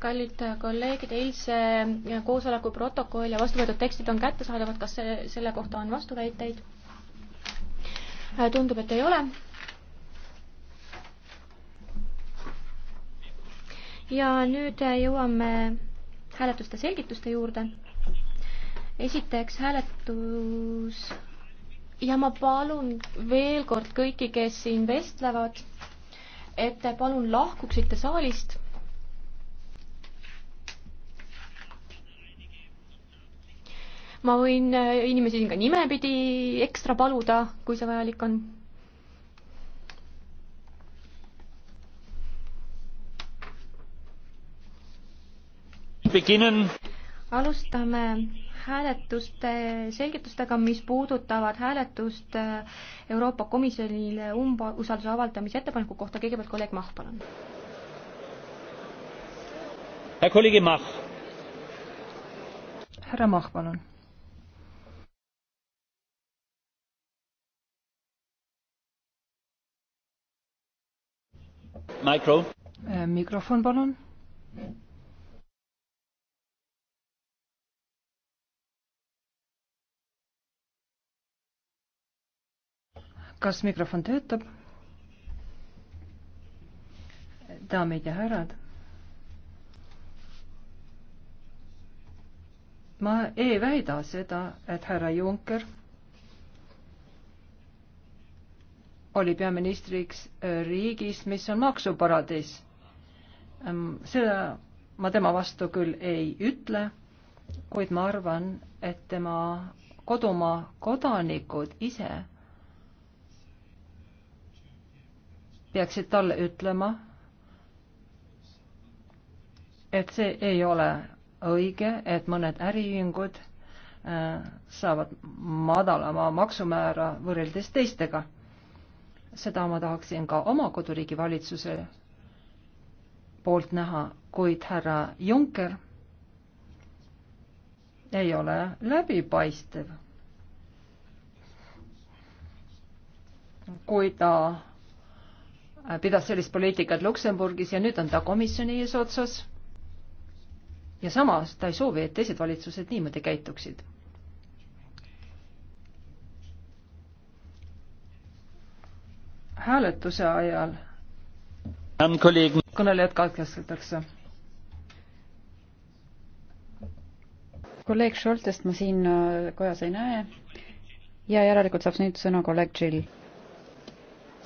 kallid kolleegid, eilse koosoleku protokoll ja vastu võetud tekstid on kättesaadavad, kas see, selle kohta on vastuväiteid? Äh, tundub, et ei ole. ja nüüd äh, jõuame hääletuste selgituste juurde. esiteks hääletus ja ma palun veel kord kõiki, kes siin vestlevad, et te palun lahkuksite saalist. ma võin äh, inimesi siin ka nimepidi ekstra paluda, kui see vajalik on alustame hääletuste selgitustega, mis puudutavad hääletust äh, Euroopa Komisjonile umbusalduse avaldamise ettepaneku kohta. kõigepealt kolleeg Mah, palun. Herr Kollege Mach. härra Mah, palun. Mikro. Äh, mikrofon, palun kas mikrofon töötab? daamid ja härrad. ma ei väida seda, et härra Juncker oli peaministriks riigis, mis on maksuparadiis. Ehm, seda ma tema vastu küll ei ütle, kuid ma arvan, et tema kodumaa kodanikud ise peaksid talle ütlema, et see ei ole õige, et mõned äriühingud äh, saavad madalama maksumäära võrreldes teistega. seda ma tahaksin ka oma koduriigi valitsuse poolt näha, kuid härra Juncker ei ole läbipaistev. kui ta Äh, pidas sellist poliitikat Luksemburgis ja nüüd on ta komisjoni eesotsas. ja samas ta ei soovi, et teised valitsused niimoodi käituksid. hääletuse ajal kõnelejad katkestatakse. kolleeg Šoltest ma siin äh, kojas ei näe ja järelikult saab nüüd sõna kolleeg Jill.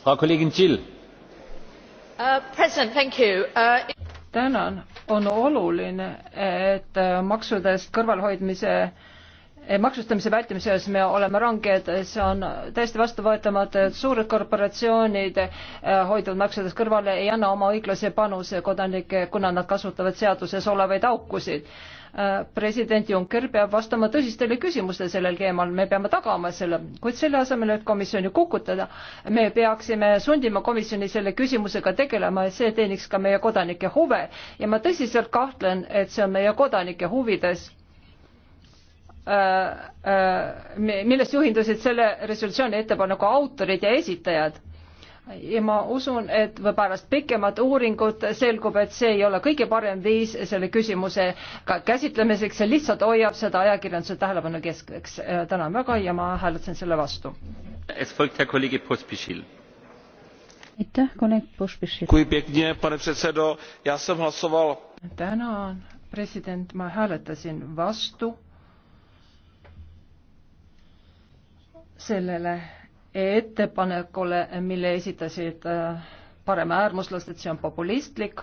Frau Kollegin Jill Uh, uh, tänan, on oluline, et äh, maksudest kõrvalhoidmise äh, maksustamise vältimises me oleme ranged, see on täiesti vastuvõetamatu, et suured korporatsioonid äh, hoiduvad maksudest kõrvale, ei anna oma õiglase panuse kodanike, kuna nad kasutavad seaduses olevaid aukusid Äh, president Juncker peab vastama tõsistele küsimustele sellel teemal, me peame tagama selle, kuid selle asemel, et komisjoni kukutada, me peaksime sundima komisjoni selle küsimusega tegelema, et see teeniks ka meie kodanike huve ja ma tõsiselt kahtlen, et see on meie kodanike huvides äh, äh, millest juhindusid selle resolutsiooni ettepaneku autorid ja esitajad ja ma usun, et pärast pikemat uuringut selgub, et see ei ole kõige parem viis selle küsimusega käsitlemiseks, see lihtsalt hoiab seda ajakirjanduse tähelepanu keskeks. Äh, tänan väga ja ma hääletasin selle vastu. aitäh, kolleeg Pospišil. tänan, president, ma hääletasin vastu sellele ettepanekule, mille esitasid äh, paremäärmuslased, see on populistlik.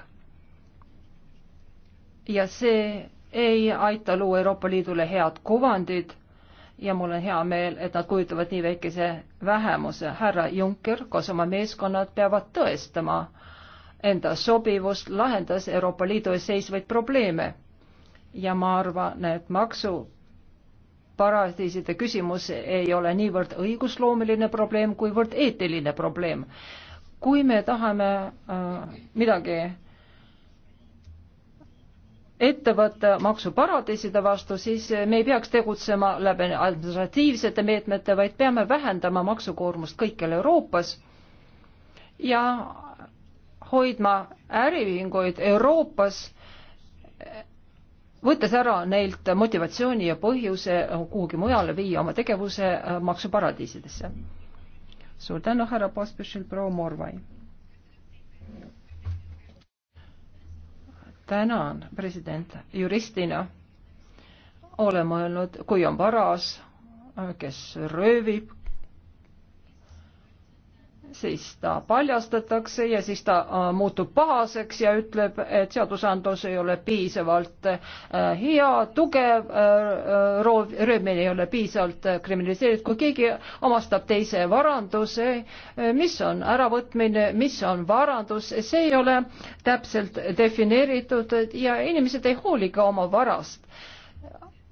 ja see ei aita luua Euroopa Liidule head kuvandit ja mul on hea meel, et nad kujutavad nii väikese vähemuse. härra Juncker koos oma meeskonnad peavad tõestama enda sobivust, lahendas Euroopa Liidu ees seisvaid probleeme. ja ma arvan, et maksu paradiiside küsimus ei ole niivõrd õigusloomeline probleem, kuivõrd eetiline probleem. kui me tahame äh, midagi ettevõtte maksuparadiiside vastu, siis me ei peaks tegutsema läbi administratiivsete meetmete, vaid peame vähendama maksukoormust kõikjal Euroopas ja hoidma äriühinguid Euroopas võttes ära neilt motivatsiooni ja põhjuse kuhugi mujale viia oma tegevuse äh, maksuparadiisidesse. suur tänu, härra Pospešil, proua Morvai. tänan, president, juristina olen mõelnud, kui on varas, äh, kes röövib, siis ta paljastatakse ja siis ta äh, muutub pahaseks ja ütleb, et seadusandlus ei ole piisavalt äh, hea, tugev, äh, roov, röövmine ei ole piisavalt kriminaliseeritud, kui keegi omastab teise varanduse, mis on äravõtmine, mis on varandus, see ei ole täpselt defineeritud ja inimesed ei hooli ka oma varast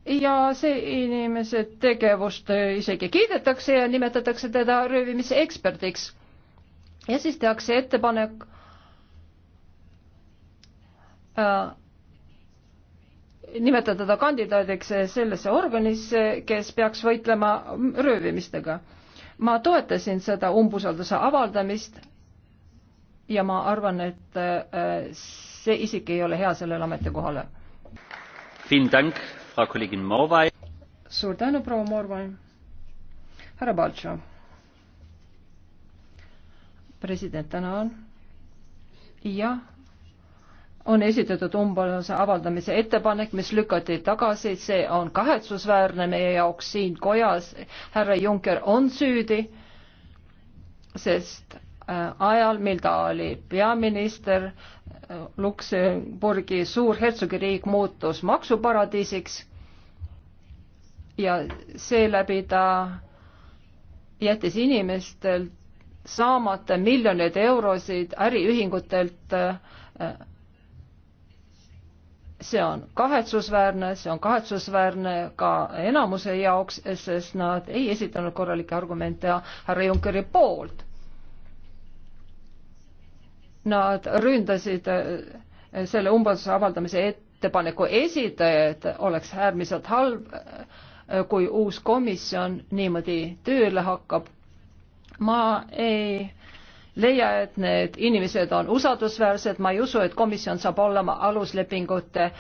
ja see inimese tegevust isegi kiidetakse ja nimetatakse teda röövimiseksperdiks ja siis tehakse ettepanek äh, nimetada ta kandidaadiks sellesse organisse, kes peaks võitlema röövimistega. ma toetasin seda umbusalduse avaldamist ja ma arvan, et äh, see isik ei ole hea sellele ametikohale. suur tänu, proua Morvai. härra Baltšov president, tänan. jah, on esitatud umbusalduse avaldamise ettepanek, mis lükati tagasi, see on kahetsusväärne meie jaoks siin kojas. härra Juncker on süüdi, sest äh, ajal, mil ta oli peaminister, äh, Luksemburgi suurhertsogiriik muutus maksuparadiisiks ja seeläbi ta jättis inimestelt saamata miljoneid eurosid äriühingutelt. Äh, äh, see on kahetsusväärne, see on kahetsusväärne ka enamuse jaoks, sest nad ei esitanud korralikke argumente härra Junckeri poolt. Nad ründasid äh, selle umbusalduse avaldamise ettepaneku esitajad, oleks äärmiselt halb, kui uus komisjon niimoodi tööle hakkab ma ei leia, et need inimesed on usaldusväärsed, ma ei usu, et komisjon saab olema aluslepingute äh,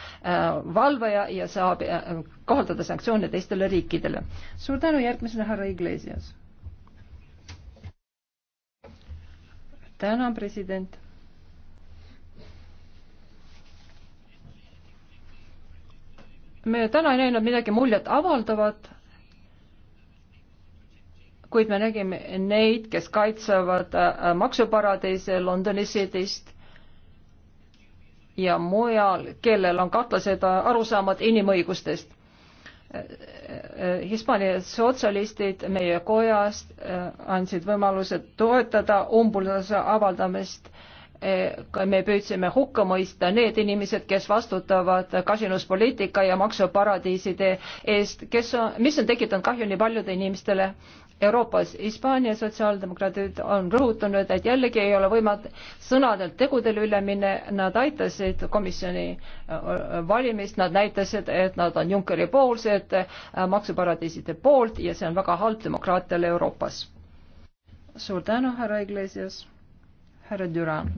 valvaja ja saab äh, kohaldada sanktsioone teistele riikidele. suur tänu, järgmisena härra Iglesias. tänan, president. me täna ei näinud midagi muljet avaldavat kuid me nägime neid, kes kaitsevad äh, maksuparadiise Londoni Cityst ja mujal, kellel on kahtlased äh, arusaamad inimõigustest. Äh, Hispaania sotsialistid meie kojast andsid võimaluse toetada umbusalduse avaldamist me püüdsime hukka mõista need inimesed, kes vastutavad kasinuspoliitika ja maksuparadiiside eest, kes on, mis on tekitanud kahju nii paljudele inimestele Euroopas. Hispaania sotsiaaldemokraadid on rõhutanud, et jällegi ei ole võimalik sõnadelt tegudele üle minna, nad aitasid komisjoni äh, valimist, nad näitasid, et nad on Junckeri poolsed, äh, maksuparadiiside poolt ja see on väga halb demokraatiale Euroopas. suur tänu, härra Iglesias, härra Düran.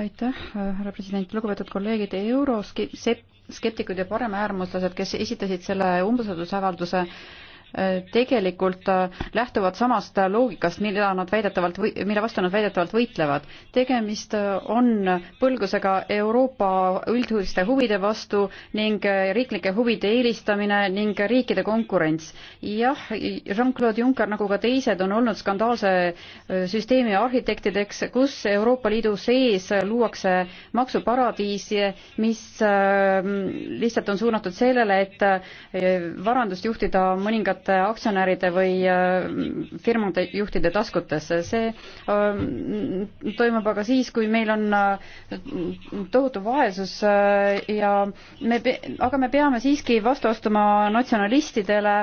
aitäh, härra president, lugupeetud kolleegid, euroskeptikud ja paremäärmuslased, kes esitasid selle umbusaldusavalduse, Äh, tegelikult äh, lähtuvad samast loogikast, mida nad väidetavalt, mille vastu nad väidetavalt võitlevad. tegemist äh, on põlgusega Euroopa üldhuviste huvide vastu ning riiklike huvide eelistamine ning riikide konkurents. jah, Jean-Claude Juncker nagu ka teised on olnud skandaalse süsteemi arhitektideks, kus Euroopa Liidu sees luuakse maksuparadiise, mis lihtsalt on suunatud sellele, et varandust juhtida mõningat suurte aktsionäride või äh, firmade juhtide taskutesse. see äh, toimub aga siis, kui meil on äh, tohutu vaesus ja me, aga me peame siiski vastu astuma natsionalistidele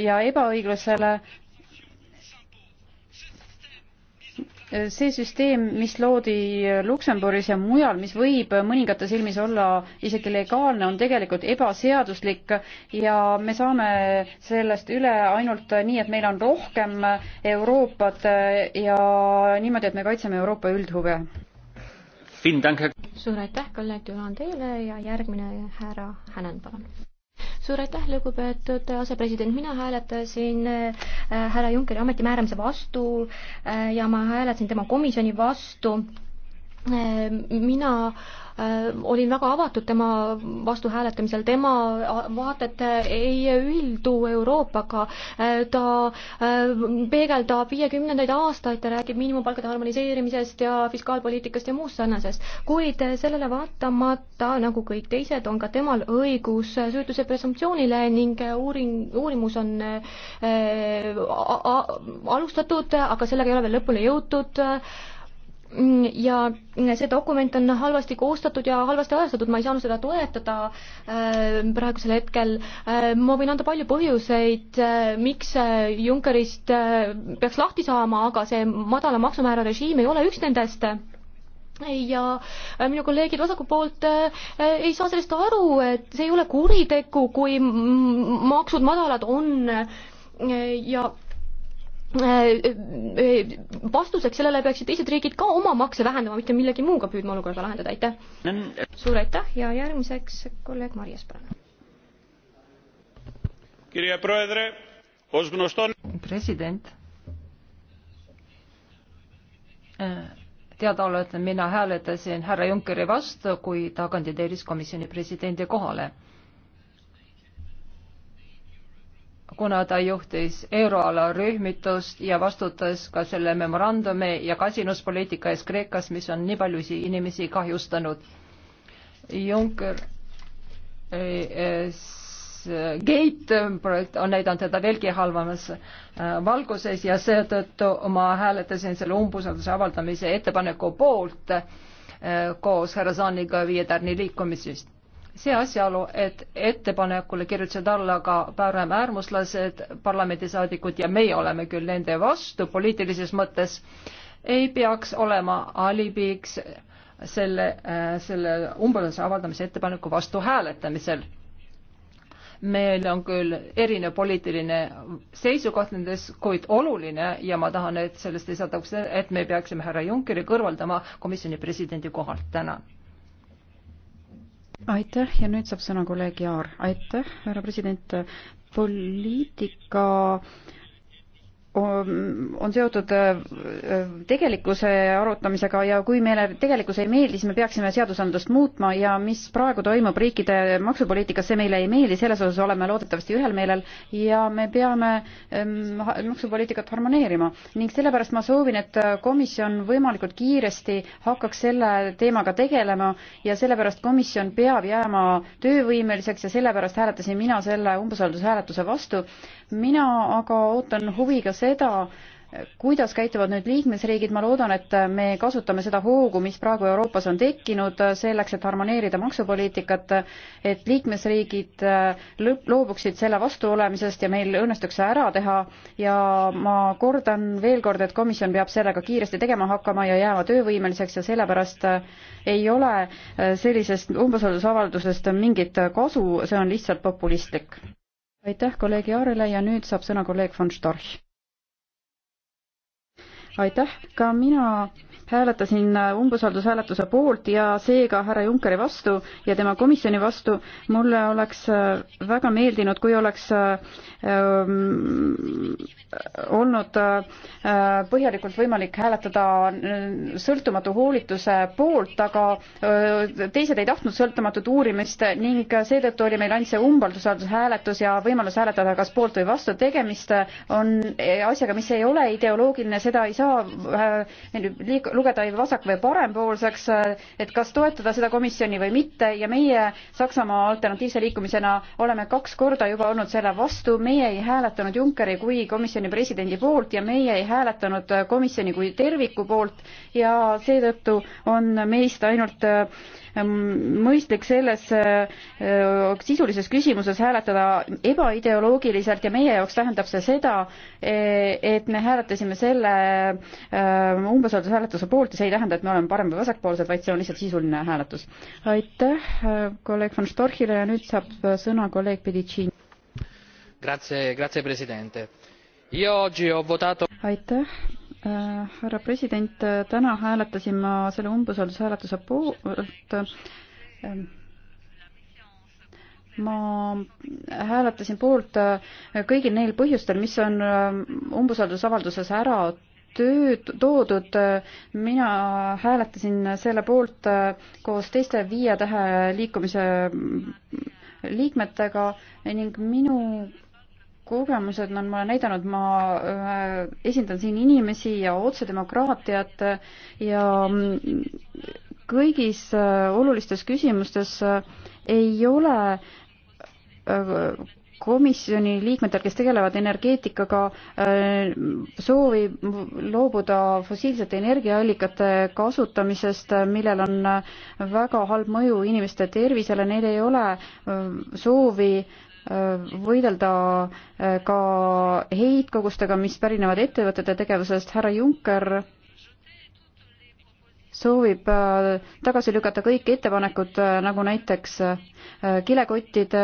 ja ebaõiglusele see süsteem, mis loodi Luksemburgis ja mujal, mis võib mõningate silmis olla isegi legaalne, on tegelikult ebaseaduslik ja me saame sellest üle ainult nii, et meil on rohkem Euroopat ja niimoodi, et me kaitseme Euroopa üldhuve. suur aitäh, kolleeg Düran teile ja järgmine härra Hänen, palun suur aitäh, lugupeetud asepresident, mina hääletasin äh, härra Junckeri ametimääramise vastu äh, ja ma hääletasin tema komisjoni vastu Ehm, mina ehm, olin väga avatud tema vastu hääletamisel, tema vaated eh, ei ühildu Euroopaga, eh, ta ehm, peegeldab viiekümnendaid aastaid, ta räägib miinimumpalkade harmoniseerimisest ja fiskaalpoliitikast ja muust sarnasest. kuid sellele vaatamata, nagu kõik teised, on ka temal õigus süütuse presumptsioonile ning uuring, uurimus on äh, a, a, alustatud, aga sellega ei ole veel lõpule jõutud äh, Mm, ja see dokument on halvasti koostatud ja halvasti ajastatud, ma ei saanud seda toetada äh, praegusel hetkel. Äh, ma võin anda palju põhjuseid, äh, miks Junckerist peaks lahti saama, aga see madala maksumäära režiim ei ole üks nendest ja minu kolleegid vasaku poolt ei saa sellest aru, et see ei ole kuritegu, kui maksud madalad on ja Äh, äh, äh, vastuseks sellele peaksid teised riigid ka oma makse vähendama, mitte millegi muuga püüdma olukorda lahendada, aitäh. suur aitäh ja järgmiseks kolleeg Marjas Pärn. president. teadaolevalt mina hääletasin härra Junckeri vastu, kui ta kandideeris komisjoni presidendi kohale kuna ta juhtis euroala rühmitust ja vastutas ka selle memorandumi ja kasinuspoliitika ees Kreekas, mis on nii paljusid inimesi kahjustanud. Juncker eh, eh, Gate projekt on näidanud teda veelgi halvemas eh, valguses ja seetõttu ma hääletasin selle umbusalduse avaldamise ettepaneku poolt koos härra Saaniga Viie Tärni liikumisest see asjaolu, et ettepanekule kirjutasid alla ka parem äärmuslased, parlamendisaadikud ja meie oleme küll nende vastu poliitilises mõttes, ei peaks olema alibiks selle, selle umbusalduse avaldamise ettepaneku vastu hääletamisel. meil on küll erinev poliitiline seisukoht nendes, kuid oluline ja ma tahan, et sellest ei saadaks, et me peaksime härra Junckeri kõrvaldama komisjoni presidendi kohalt. tänan aitäh ja nüüd saab sõna kolleeg Jaar. aitäh, härra president. poliitika äh, on seotud äh, tegelikkuse arutamisega ja kui meile tegelikkus ei meeldi, siis me peaksime seadusandlust muutma ja mis praegu toimub riikide maksupoliitikas, see meile ei meeldi, selles osas oleme loodetavasti ühel meelel ja me peame ähm, maksupoliitikat harmoneerima. ning sellepärast ma soovin, et komisjon võimalikult kiiresti hakkaks selle teemaga tegelema ja sellepärast komisjon peab jääma töövõimeliseks ja sellepärast hääletasin mina selle umbusaldushääletuse vastu. mina aga ootan huviga seda, kuidas käituvad nüüd liikmesriigid, ma loodan, et me kasutame seda hoogu, mis praegu Euroopas on tekkinud, selleks, et harmoneerida maksupoliitikat, et liikmesriigid äh, lõpp, loobuksid selle vastu olemisest ja meil õnnestuks see ära teha ja ma kordan veel kord, et komisjon peab sellega kiiresti tegema hakkama ja jääma töövõimeliseks ja sellepärast äh, ei ole äh, sellisest umbusaldusavaldusest mingit kasu, see on lihtsalt populistlik. aitäh kolleeg Jaarele ja nüüd saab sõna kolleeg von Storch aitäh, ka mina hääletasin äh, umbusaldushääletuse poolt ja seega härra Junckeri vastu ja tema komisjoni vastu. mulle oleks äh, väga meeldinud, kui oleks äh, ähm, olnud põhjalikult võimalik hääletada sõltumatu hoolituse poolt, aga teised ei tahtnud sõltumatut uurimist ning seetõttu oli meil ainult see umbusaldushääletus ja võimalus hääletada kas poolt või vastu. tegemist on asjaga, mis ei ole ideoloogiline, seda ei saa liik-, lugeda vasak- või parempoolseks, et kas toetada seda komisjoni või mitte ja meie Saksamaa alternatiivse liikumisena oleme kaks korda juba olnud selle vastu, meie ei hääletanud Junckeri kui komisjoni presidendi poolt ja meie ei hääletanud komisjoni kui terviku poolt ja seetõttu on meist ainult äh, Ehm, mõistlik selles eh, sisulises küsimuses hääletada ebaideoloogiliselt ja meie jaoks tähendab see seda, e, et me hääletasime selle ehm, umbusaldushääletuse poolt ja see ei tähenda, et me oleme parem või vasakpoolsed, vaid see on lihtsalt sisuline hääletus. aitäh eh, kolleeg von Storchile ja nüüd saab sõna kolleeg Pedicini. Grazie, grazie presidente. Io oggi ho votato aitäh Äh, härra president, äh, täna hääletasin ma selle umbusaldushääletuse poolt. Ähm, ma hääletasin poolt äh, kõigil neil põhjustel, mis on umbusaldusavalduses ära tööd, toodud, mina hääletasin selle poolt koos teiste Viie Tähe liikumise mm, liikmetega ning minu kogemused on mulle näidanud, ma äh, esindan siin inimesi ja otsedemokraatiat äh, ja mm, kõigis äh, olulistes küsimustes ei ole komisjoni liikmetel, kes tegelevad energeetikaga, soovi loobuda fossiilsete energiaallikate kasutamisest, millel on väga halb mõju inimeste tervisele, neil ei ole soovi võidelda äh, ka heitkogustega, mis pärinevad ettevõtete tegevusest. härra Juncker soovib äh, tagasi lükata kõik ettepanekud, äh, nagu näiteks kilekottide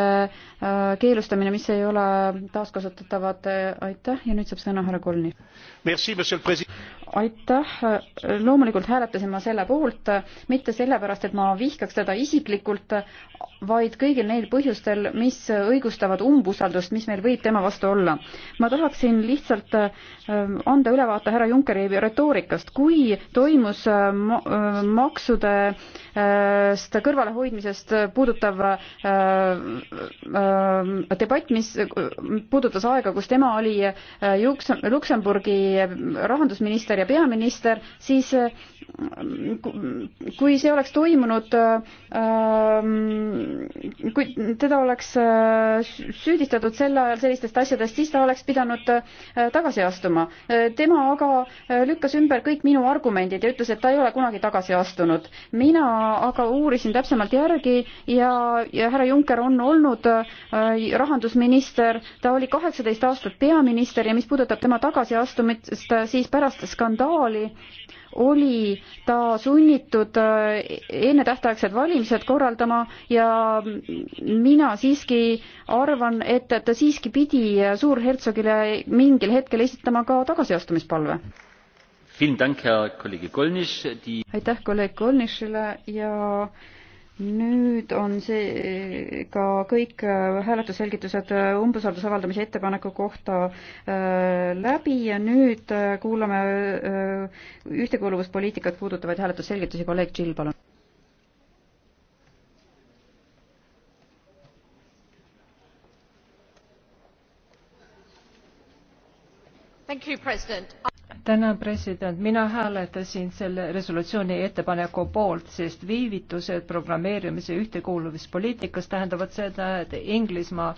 keelustamine, mis ei ole taaskasutatavad. aitäh ja nüüd saab sõna härra Kolni aitäh, loomulikult hääletasin ma selle poolt, mitte sellepärast, et ma vihkaks teda isiklikult, vaid kõigil neil põhjustel, mis õigustavad umbusaldust, mis meil võib tema vastu olla. ma tahaksin lihtsalt ähm, anda ülevaate härra Junckeri retoorikast, kui toimus ähm, ähm, maksudest äh, kõrvalehoidmisest puudutav äh, debatt, mis äh, puudutas aega, kus tema oli Luksemburgi rahandusminister, minister ja peaminister, siis äh, kui see oleks toimunud äh, ähm, kui teda oleks äh, süüdistatud sel ajal sellistest asjadest, siis ta oleks pidanud äh, tagasi astuma. Äh, tema aga lükkas ümber kõik minu argumendid ja ütles, et ta ei ole kunagi tagasi astunud. mina aga uurisin täpsemalt järgi ja, ja härra Juncker on olnud rahandusminister, ta oli kaheksateist aastat peaminister ja mis puudutab tema tagasiastumist, siis pärast skandaali oli ta sunnitud äh, ennetähtaegsed valimised korraldama ja mina siiski arvan, et ta siiski pidi suurhertsogile mingil hetkel esitama ka tagasiastumispalve. aitäh kolleeg Kolnišile ja nüüd on see eh, ka kõik eh, hääletusselgitused eh, umbusalduse avaldamise ettepaneku kohta läbi ja nüüd kuulame ühtekuuluvuspoliitikat puudutavaid hääletusselgitusi. kolleeg Jill, palun. Thank you, President tänan, president, mina hääletasin selle resolutsiooni ettepaneku poolt, sest viivitused programmeerimise ühtekuuluvuspoliitikas tähendavad seda, et Inglismaa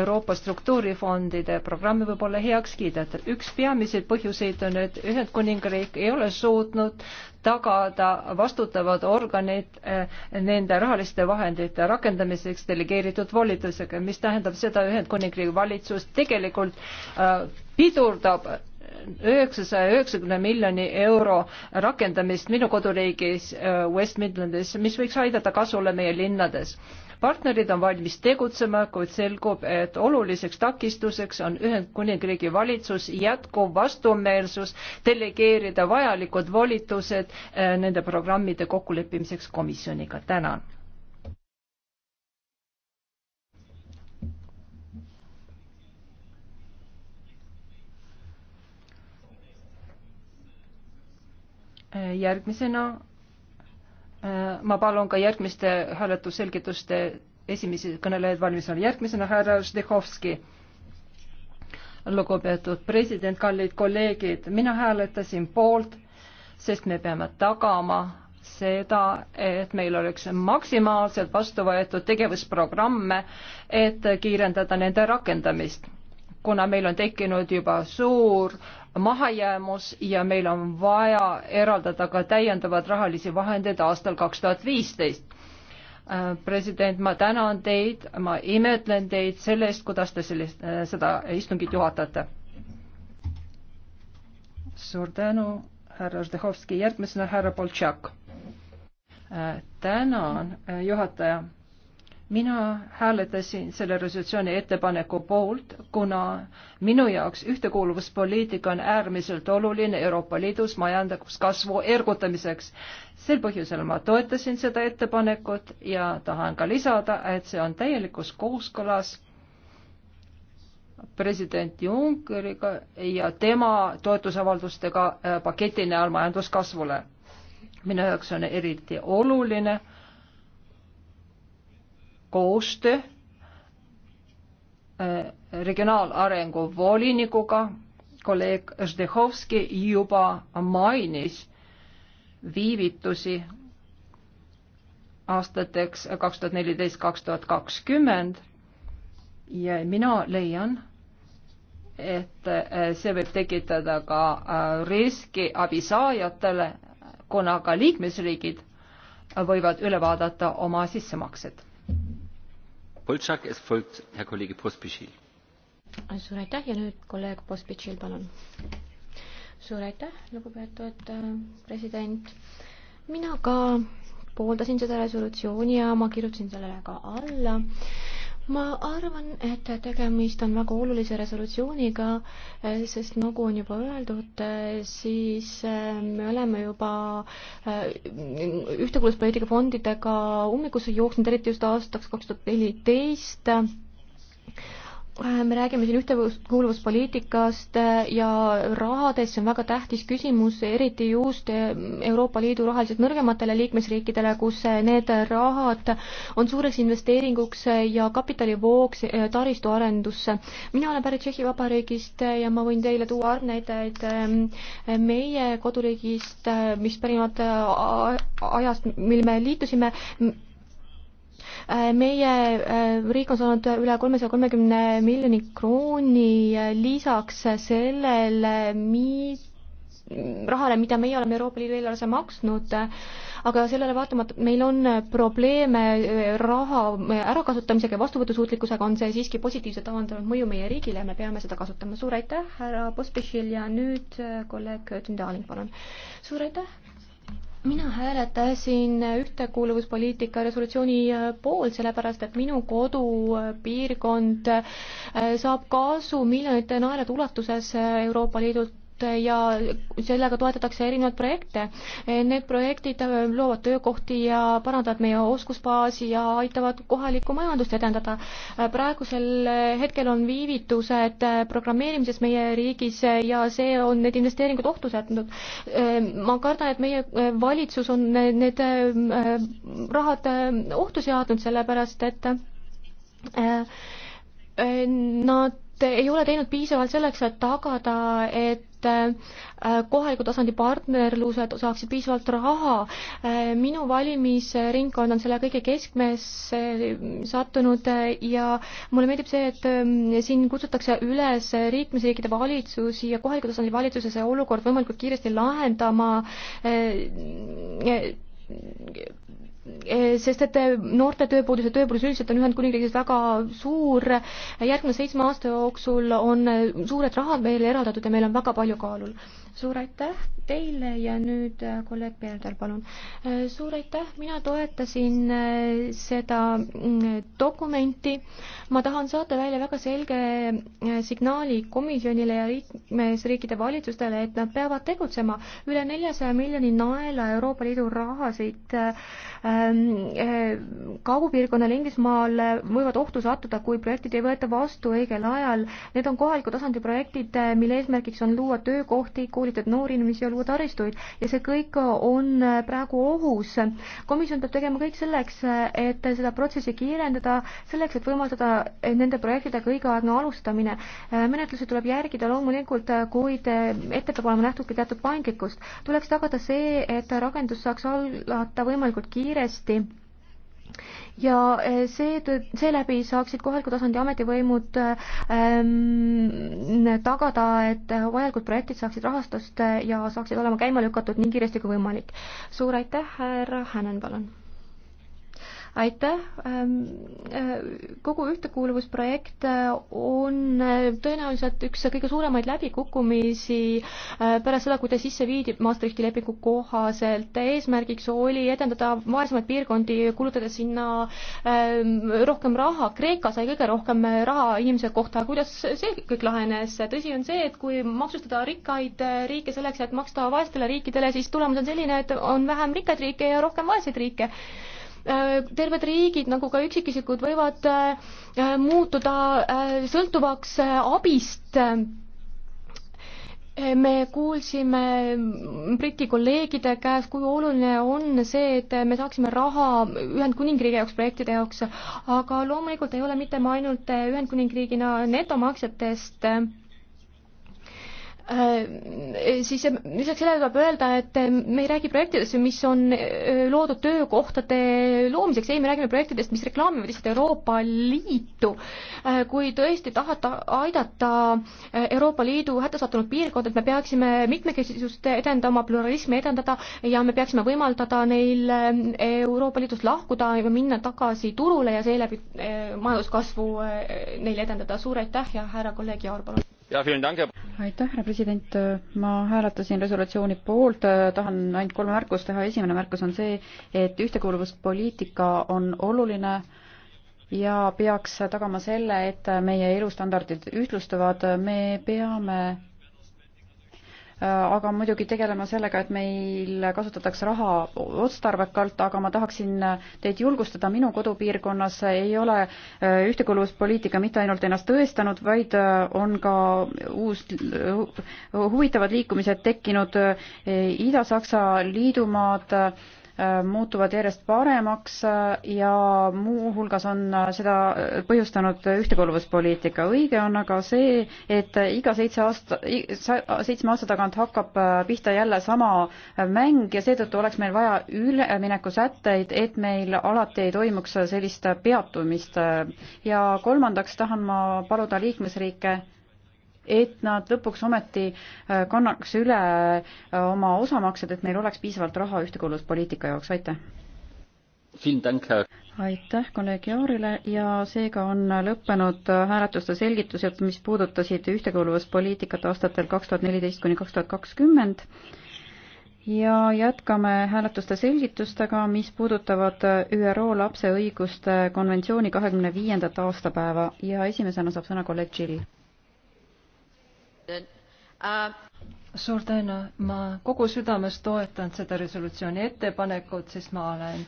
Euroopa struktuurifondide programmi võib olla heaks kiidetud. üks peamiseid põhjuseid on, et Ühendkuningriik ei ole suutnud tagada vastutavad organid eh, nende rahaliste vahendite rakendamiseks delegeeritud volitusega, mis tähendab seda, Ühendkuningriigi valitsus tegelikult eh, pidurdab üheksasaja üheksakümne miljoni euro rakendamist minu koduriigis äh, West Midlandis, mis võiks aidata kasule meie linnades. partnerid on valmis tegutsema, kuid selgub, et oluliseks takistuseks on Ühendkuningriigi valitsus jätkuv vastumeelsus delegeerida vajalikud volitused äh, nende programmide kokkuleppimiseks komisjoniga. tänan järgmisena äh, ma palun ka järgmiste hääletusselgituste esimesi kõnelejaid valmis olla. järgmisena härra Ždehovski. lugupeetud president, kallid kolleegid, mina hääletasin poolt, sest me peame tagama seda, et meil oleks maksimaalselt vastu võetud tegevusprogramme, et kiirendada nende rakendamist kuna meil on tekkinud juba suur mahajäämus ja meil on vaja eraldada ka täiendavad rahalisi vahendeid aastal kaks tuhat viisteist. Äh, president, ma tänan teid, ma imetlen teid selle eest, kuidas te sellist, äh, seda istungit juhatate. suur tänu, härra Ždehovski, järgmisena härra Boltšak. Äh, tänan, juhataja mina hääletasin selle resolutsiooni ettepaneku poolt, kuna minu jaoks ühtekuuluvuspoliitika on äärmiselt oluline Euroopa Liidus majanduskasvu ergutamiseks. sel põhjusel ma toetasin seda ettepanekut ja tahan ka lisada, et see on täielikus kooskõlas president Junckeriga ja tema toetusavaldustega äh, paketi näol majanduskasvule. minu jaoks on eriti oluline koostöö äh, regionaalarengu volinikuga, kolleeg Ždehovski juba mainis viivitusi aastateks kaks tuhat neliteist, kaks tuhat kakskümmend ja mina leian, et äh, see võib tekitada ka äh, riski abisaajatele, kuna ka liikmesriigid võivad üle vaadata oma sissemaksed Poltšak, es folgt Herr Kollege Pospišil. suur aitäh ja nüüd kolleeg Pospišil, palun. suur aitäh, lugupeetud äh, president. mina ka pooldasin seda resolutsiooni ja ma kirjutasin sellele ka alla ma arvan, et tegemist on väga olulise resolutsiooniga, eh, sest nagu on juba öeldud, eh, siis eh, me oleme juba ühtekuuluvuspoliitika fondidega ummikusse jooksnud, eriti just aastaks kaks tuhat neliteist Äh, me räägime siin ühtekuuluvuspoliitikast äh, ja rahadest, see on väga tähtis küsimus, eriti just äh, Euroopa Liidu rahaliselt nõrgematele liikmesriikidele, kus need rahad on suureks investeeringuks ja kapitalivooks taristuarendusse. mina olen pärit Tšehhi Vabariigist ja ma võin teile tuua arvnäitajaid meie koduriigist, mis pärinevad ajast, mil me liitusime Äh, meie äh, riik on saanud üle kolmesaja kolmekümne miljoni krooni äh, lisaks sellele, mis rahale, mida meie oleme Euroopa Liidu eelarvesse maksnud, aga sellele vaatamata meil on probleeme raha ärakasutamisega ja vastuvõtusuutlikkusega, on see siiski positiivselt avaldanud mõju meie riigile ja me peame seda kasutama. suur aitäh, härra Pospešil ja nüüd kolleeg Tündaaling, palun. suur aitäh, mina hääletasin ühtekuuluvuspoliitika resolutsiooni äh, poolt, sellepärast et minu kodupiirkond äh, saab kasu miljonite naerade ulatuses äh, Euroopa Liidult tegevust ja sellega toetatakse erinevaid projekte. Need projektid loovad töökohti ja parandavad meie oskusbaasi ja aitavad kohalikku majandust edendada. praegusel hetkel on viivitused programmeerimises meie riigis ja see on need investeeringud ohtu seadnud. ma kardan, et meie valitsus on need rahad ohtu seadnud, sellepärast et eh, Nad ei ole teinud piisavalt selleks, et tagada, et et äh, kohaliku tasandi partnerlused saaksid piisavalt raha. Äh, minu valimisringkond on selle kõige keskmesse sattunud äh, ja mulle meeldib see, et ähm, siin kutsutakse üles liikmesriikide valitsusi ja kohaliku tasandi valitsuse see olukord võimalikult kiiresti lahendama sest et äh, noorte tööpuudus ja tööpuudus üldiselt on Ühendkuningriigis väga suur, järgneva seitsme aasta jooksul on äh, suured rahad meile eraldatud ja meil on väga palju kaalul suur aitäh teile ja nüüd äh, kolleeg Peelder, palun. Äh, suur aitäh, mina toetasin äh, seda mm, dokumenti. ma tahan saata välja väga selge signaali komisjonile ja liikmesriikide valitsustele, et nad peavad tegutsema. üle neljasaja miljoni naela Euroopa Liidu rahasid ähm, kaugupiirkonnal Inglismaal võivad ohtu sattuda, kui projektid ei võeta vastu õigel ajal. Need on kohaliku tasandi projektid, mille eesmärgiks on luua töökohti, koolitatud noori inimesi ja luua taristuid ja see kõik on praegu ohus. komisjon peab tegema kõik selleks, et seda protsessi kiirendada, selleks, et võimaldada nende projektidega õigeaegne alustamine. menetlusi tuleb järgida loomulikult, kuid ette peab olema nähtud ka teatud paindlikkust. tuleks tagada see, et rakendus saaks alata võimalikult kiiresti ja eh, see, seeläbi saaksid kohaliku tasandi ametivõimud ähm, tagada, et vajalikud projektid saaksid rahastust eh, ja saaksid olema käima lükatud nii kiiresti kui võimalik. suur aitäh, härra Hänen, palun aitäh. Ähm, äh, kogu ühtekuuluvusprojekt äh, on äh, tõenäoliselt üks kõige suuremaid läbikukkumisi pärast seda, kui ta sisse viidi Maastrichti lepingu kohaselt. eesmärgiks oli edendada vaesemaid piirkondi, kulutades sinna ähm, rohkem raha. Kreeka sai kõige rohkem raha inimese kohta. kuidas see kõik lahenes? tõsi on see, et kui maksustada rikkaid riike selleks, et maksta vaestele riikidele, siis tulemus on selline, et on vähem rikkaid riike ja rohkem vaeseid riike Äh, terved riigid nagu ka üksikisikud võivad äh, muutuda äh, sõltuvaks abist me kuulsime Briti kolleegide käest, kui oluline on see, et me saaksime raha Ühendkuningriigi jaoks, projektide jaoks, aga loomulikult ei ole mitte me ainult Ühendkuningriigina netomaksjatest äh, Äh, siis lisaks sellele tuleb öelda, et äh, me ei räägi projektidest, mis on äh, loodud töökohtade loomiseks, ei, me räägime projektidest, mis reklaamivad lihtsalt Euroopa Liitu. kui tõesti tahata aidata Euroopa Liidu hätta sattunud piirkonda, et me peaksime mitmekesisust edendama, pluralismi edendada ja me peaksime võimaldada neil Euroopa Liidust lahkuda ja minna tagasi turule ja seeläbi majanduskasvu neile edendada. suur aitäh ja härra kolleeg Jaar, palun! aitäh, härra president, ma hääletasin resolutsiooni poolt, tahan ainult kolme märkust teha, esimene märkus on see, et ühtekuuluvuspoliitika on oluline ja peaks tagama selle, et meie elustandardid ühtlustuvad, me peame Äh, aga muidugi tegelema sellega, et meil kasutatakse raha otstarbekalt, aga ma tahaksin äh, teid julgustada, minu kodupiirkonnas ei ole äh, ühtekuuluvuspoliitika mitte ainult ennast tõestanud, vaid on ka uus, huvitavad liikumised tekkinud Ida-Saksa liidumaad Äh, muutuvad järjest paremaks äh, ja muuhulgas on äh, seda põhjustanud ühtekuuluvuspoliitika. õige on aga see, et iga seitse aasta, seitsme aasta tagant hakkab pihta jälle sama mäng ja seetõttu oleks meil vaja üleminekusätteid, et meil alati ei toimuks sellist peatumist. ja kolmandaks tahan ma paluda liikmesriike et nad lõpuks ometi äh, kannaks üle äh, oma osamaksed, et meil oleks piisavalt raha ühtekuuluvuspoliitika jaoks, aitäh! aitäh kolleeg Jaarile ja seega on lõppenud äh, hääletuste selgitused, mis puudutasid ühtekuuluvuspoliitikat aastatel kaks tuhat neliteist kuni kaks tuhat kakskümmend ja jätkame hääletuste selgitustega, mis puudutavad ÜRO lapse õiguste konventsiooni kahekümne viiendat aastapäeva ja esimesena saab sõna kolleeg Tšill. Uh, suur tänu, ma kogu südamest toetan seda resolutsiooni ettepanekut, sest ma olen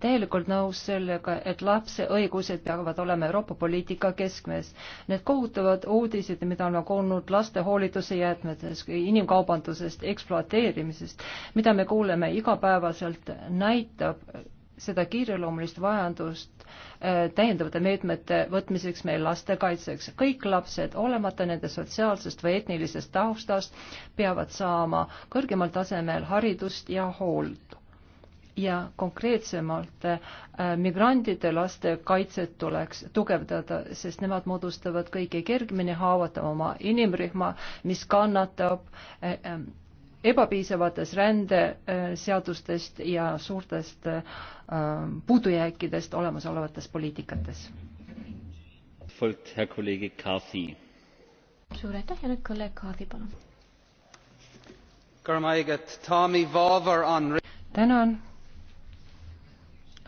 täielikult nõus sellega, et lapse õigused peavad olema Euroopa poliitika keskmes. Need kohutavad uudised, mida oleme kuulnud laste hoolituse jäätmetes, inimkaubandusest, ekspluateerimisest, mida me kuuleme igapäevaselt, näitab seda kiireloomulist vajadust Äh, täiendavate meetmete võtmiseks meie laste kaitseks. kõik lapsed, olemata nende sotsiaalsest või etnilisest taustast, peavad saama kõrgemal tasemel haridust ja hoolt ja konkreetsemalt äh, migrantide laste kaitset tuleks tugevdada, sest nemad moodustavad kõige kergemini haavatavama inimrühma, mis kannatab äh, äh ebapiisavates rändeseadustest ja suurtest äh, puudujääkidest olemasolevates poliitikates. suur aitäh ja nüüd kolleeg Kaardi, palun. tänan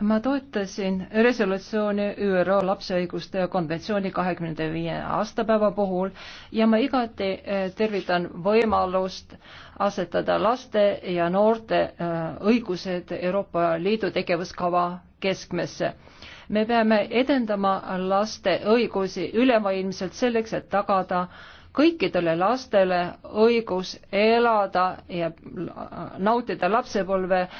ma toetasin resolutsiooni ÜRO lapse õiguste konventsiooni kahekümne viie aastapäeva puhul ja ma igati eh, tervitan võimalust asetada laste ja noorte eh, õigused Euroopa Liidu tegevuskava keskmesse. me peame edendama laste õigusi ülemaailmselt selleks, et tagada äh, kõikidele lastele õigus elada ja nautida lapsepõlve äh,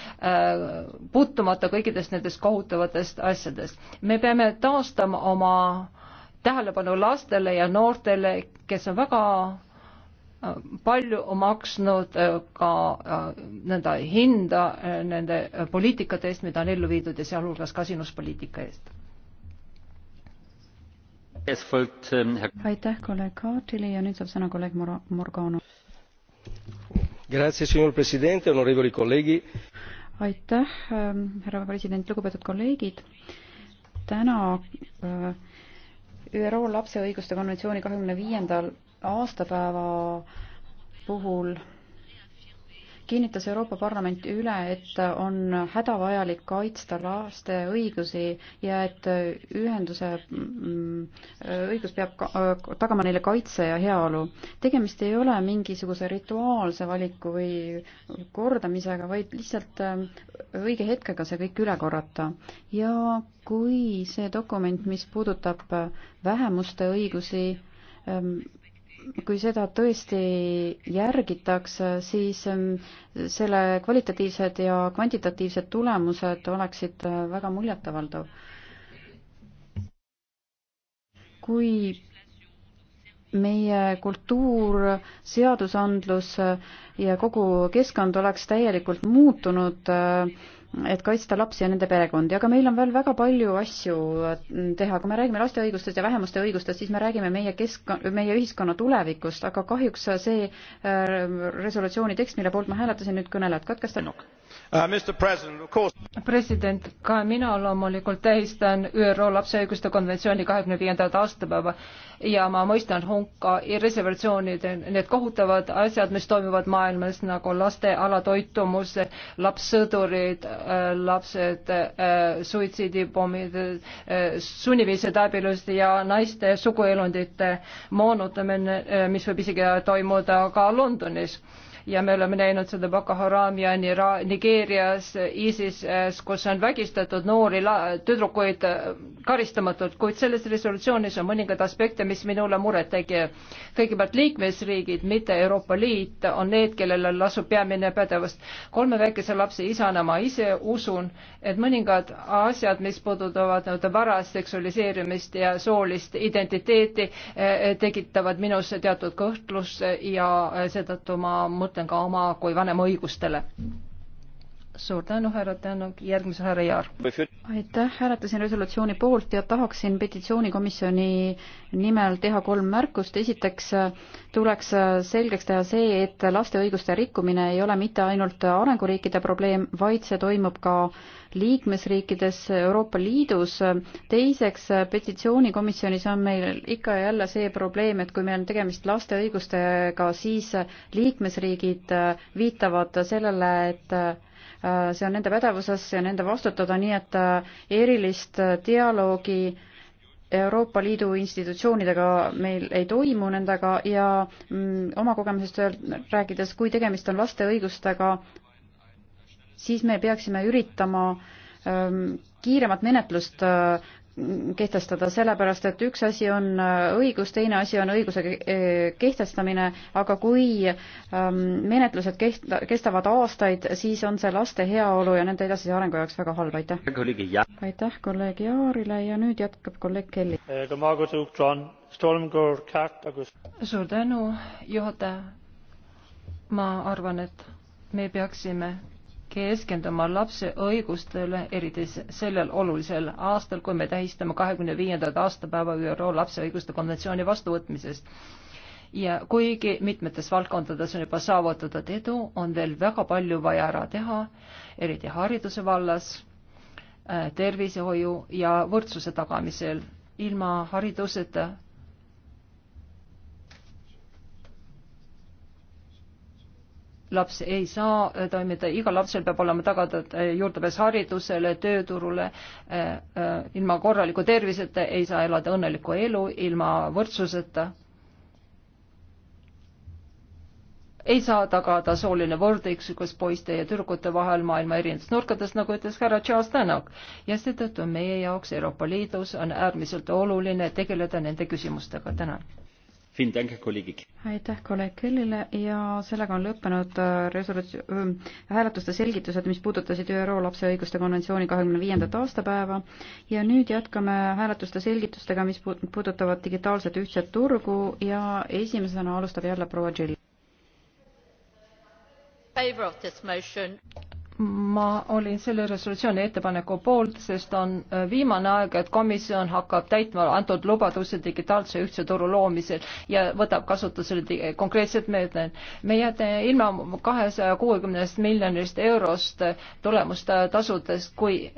puutumata kõikidest nendest kohutavatest asjadest. me peame taastama oma tähelepanu lastele ja noortele, kes on väga äh, palju maksnud äh, ka nõnda hinda nende poliitikate eest, mida on ellu viidud ja sealhulgas kasinuspoliitika eest. Ähm, aitäh kolleeg Haatile ja nüüd saab sõna kolleeg Mor-, Morgano. aitäh, ähm, härra president, lugupeetud kolleegid. täna äh, ÜRO lapse õiguste konventsiooni kahekümne viiendal aastapäeva puhul kinnitas Euroopa Parlament üle, et on hädavajalik kaitsta laste õigusi ja et ühenduse mm, õigus peab tagama neile kaitse ja heaolu. tegemist ei ole mingisuguse rituaalse valiku või kordamisega, vaid lihtsalt äh, õige hetkega see kõik üle korrata. ja kui see dokument, mis puudutab äh, vähemuste õigusi, ähm, kui seda tõesti järgitakse, siis ähm, selle kvalitatiivsed ja kvantitatiivsed tulemused oleksid äh, väga muljetavaldav. kui meie kultuur, seadusandlus ja kogu keskkond oleks täielikult muutunud äh, et kaitsta lapsi ja nende perekondi, aga meil on veel väga palju asju äh, teha, kui me räägime laste õigustest ja vähemuste õigustest, siis me räägime meie kesk-, meie ühiskonna tulevikust, aga kahjuks see äh, resolutsiooni tekst, mille poolt ma hääletasin, nüüd kõnelejad katkestab. Uh, president ka mina loomulikult tähistan üro lapse õiguste konventsiooni 25. aastapäeva ja ma mõistan hukka reservatsioonide need kohutavad asjad mis toimuvad maailmas nagu laste alatoitumus lapssõdurid äh, lapsed äh, suitsiidipommid äh, sunniviised abielud ja naiste suguelundite moonutamine mis võib isegi toimuda ka londonis ja me oleme näinud seda Boko-Harami ja Nigeerias, ISIS-s, eh, kus on vägistatud noori tüdrukuid eh, karistamatult, kuid selles resolutsioonis on mõningaid aspekte, mis minule muret tegi. kõigepealt liikmesriigid, mitte Euroopa Liit, on need, kellel lasub peamine pädevus. kolme väikese lapse isana ma ise usun, et mõningad asjad, mis puudutavad nii-öelda varast seksualiseerimist ja soolist identiteeti, eh, tekitavad minus teatud kõhtlust ja seetõttu ma mõtlen mõtlen ka oma kui vanema õigustele suur tänu, härra Tänak, järgmise härra Jaar. aitäh, hääletasin resolutsiooni poolt ja tahaksin petitsioonikomisjoni nimel teha kolm märkust. esiteks tuleks selgeks teha see, et laste õiguste rikkumine ei ole mitte ainult arenguriikide probleem, vaid see toimub ka liikmesriikides Euroopa Liidus. teiseks, petitsioonikomisjonis on meil ikka ja jälle see probleem, et kui meil on tegemist laste õigustega, siis liikmesriigid viitavad sellele, et Äh, see on nende pädevuses ja nende vastutada, nii et äh, erilist äh, dialoogi Euroopa Liidu institutsioonidega meil ei toimu nendega ja mm, oma kogemusest rääkides, kui tegemist on laste õigustega, siis me peaksime üritama ähm, kiiremat menetlust kehtestada, sellepärast et üks asi on äh, õigus, teine asi on õiguse äh, kehtestamine, aga kui ähm, menetlused keht-, kestavad aastaid, siis on see laste heaolu ja nende edasise arengu jaoks väga halb, aitäh. aitäh kolleeg Jaarile ja nüüd jätkab kolleeg Kelly. Äh, suur tänu, juhataja. ma arvan, et me peaksime keskenduma lapse õigustele, eriti sellel olulisel aastal, kui me tähistame kahekümne viiendat aastapäeva ÜRO lapse õiguste konventsiooni vastuvõtmisest. ja kuigi mitmetes valdkondades on juba saavutatud edu, on veel väga palju vaja ära teha, eriti hariduse vallas, äh, tervishoiu ja võrdsuse tagamisel. ilma hariduseta laps ei saa äh, toimida, igal lapsel peab olema tagatud äh, juurdepääs haridusele, tööturule, äh, ilma korraliku terviseta ei saa elada õnnelikku elu, ilma võrdsuseta. ei saa tagada sooline võrdõiguslikkus poiste ja tüdrukute vahel maailma erinevates nurkades, nagu ütles härra Charles Tannock. ja seetõttu meie jaoks Euroopa Liidus on äärmiselt oluline tegeleda nende küsimustega. tänan aitäh kolleeg Kellile ja sellega on lõppenud äh, resoluts-, hääletuste selgitused, mis puudutasid ÜRO lapse õiguste konventsiooni kahekümne viiendat aastapäeva ja nüüd jätkame hääletuste selgitustega, mis puudutavad digitaalset ühtset turgu ja esimesena alustab jälle proua Jill ma olin selle resolutsiooni ettepaneku poolt, sest on äh, viimane aeg, et komisjon hakkab täitma antud lubadusi digitaalse ühtse turu loomisel ja võtab kasutusele konkreetsed meetmed. me jääme ilma kahesaja kuuekümnest miljonist eurost äh, tulemustasudest, kui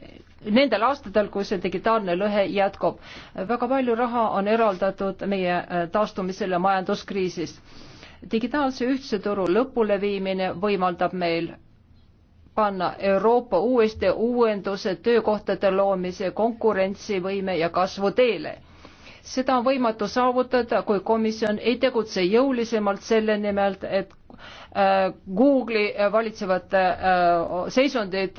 nendel aastatel, kui see digitaalne lõhe jätkub. väga palju raha on eraldatud meie äh, taastumisele majanduskriisist digitaalse ühtse turu lõpuleviimine võimaldab meil panna Euroopa uuesti uuenduse, töökohtade loomise, konkurentsivõime ja kasvu teele. seda on võimatu saavutada, kui komisjon ei tegutse jõulisemalt selle nimel, et Äh, Google'i äh, valitsevat äh, seisundit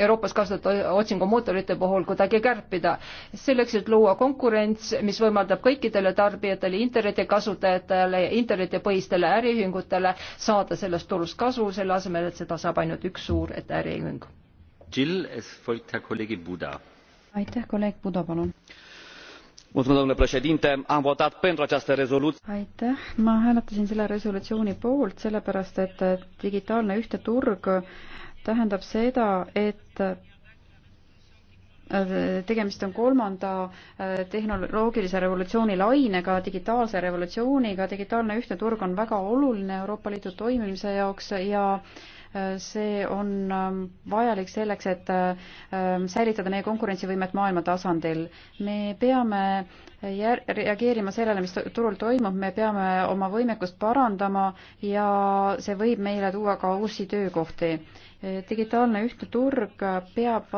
Euroopas kasutatud otsingumootorite puhul kuidagi kärpida. selleks, et luua konkurents, mis võimaldab kõikidele tarbijatele, internetikasutajatele ja internetipõhistele äriühingutele saada sellest turust kasu, selle asemel, et seda saab ainult üks suur äriühing. aitäh, kolleeg Buda, palun domnule președinte am votat pentru această rezoluție. aitäh ma hääletasin selle resolutsiooni poolt sellepärast et digitaalne ühtne turg tähendab seda et tegemist on kolmanda tehnoloogilise revolutsiooni lainega, digitaalse revolutsiooniga, digitaalne ühtne turg on väga oluline Euroopa Liidu toimimise jaoks ja see on ähm, vajalik selleks, et ähm, säilitada meie konkurentsivõimet maailma tasandil. me peame reageerima sellele, mis turul toimub, me peame oma võimekust parandama ja see võib meile tuua ka uusi töökohti. E, digitaalne ühtne turg peab,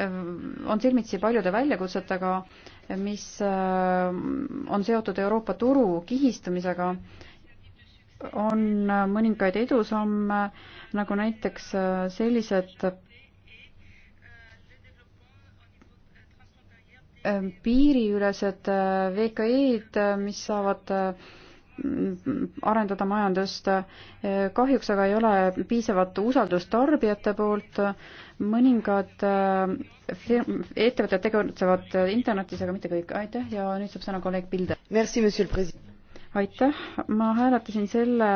ähm, on silmitsi paljude väljakutsetega, mis on seotud Euroopa turu kihistumisega on mõningaid edusamme, nagu näiteks äh, sellised äh, piiriülesed äh, VKE-d, mis saavad arendada majandust. kahjuks aga ei ole piisavat usaldust tarbijate poolt. mõningad ettevõtted tegutsevad internetis, aga mitte kõik. aitäh ja nüüd saab sõna kolleeg Pilde aitäh, ma hääletasin selle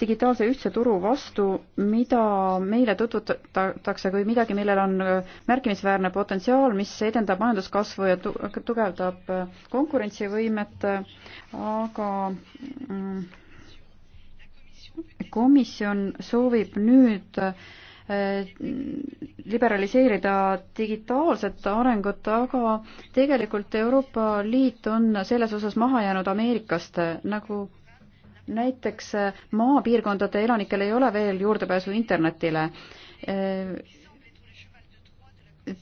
digitaalse ühtse turu vastu, mida meile tutvutakse kui midagi, millel on äh, märkimisväärne potentsiaal, mis edendab majanduskasvu ja tugevdab äh, konkurentsivõimet, äh, aga mm, komisjon soovib nüüd äh, Äh, liberaliseerida digitaalset arengut, aga tegelikult Euroopa Liit on selles osas maha jäänud Ameerikast, nagu näiteks äh, maapiirkondade elanikel ei ole veel juurdepääsu internetile äh,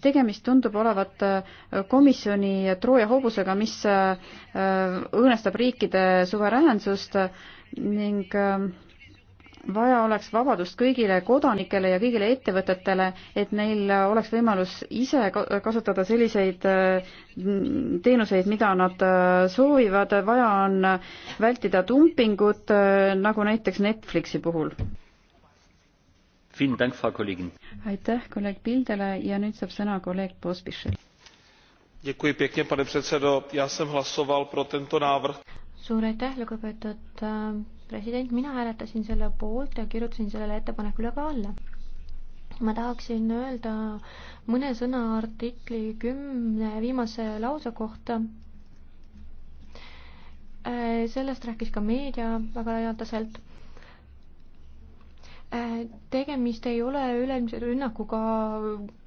tegemist tundub olevat komisjoni Trooja hobusega, mis õõnestab riikide suveräänsust ning vaja oleks vabadust kõigile kodanikele ja kõigile ettevõtetele, et neil oleks võimalus ise kasutada selliseid mm, teenuseid, mida nad äh, soovivad, vaja on vältida dumpingut, äh, nagu näiteks Netflixi puhul. aitäh kolleeg Pildele ja nüüd saab sõna kolleeg Pospišil. pane předsedo, já jsem hlasoval pro tento návrh. suur aitäh, lugupeetud äh, president, mina hääletasin selle poolt ja kirjutasin sellele ettepanekule ka alla. ma tahaksin öelda mõne sõna artikli kümne viimase lause kohta. Äh, sellest rääkis ka meedia väga laialdaselt äh, tegemist ei ole üleilmse rünnakuga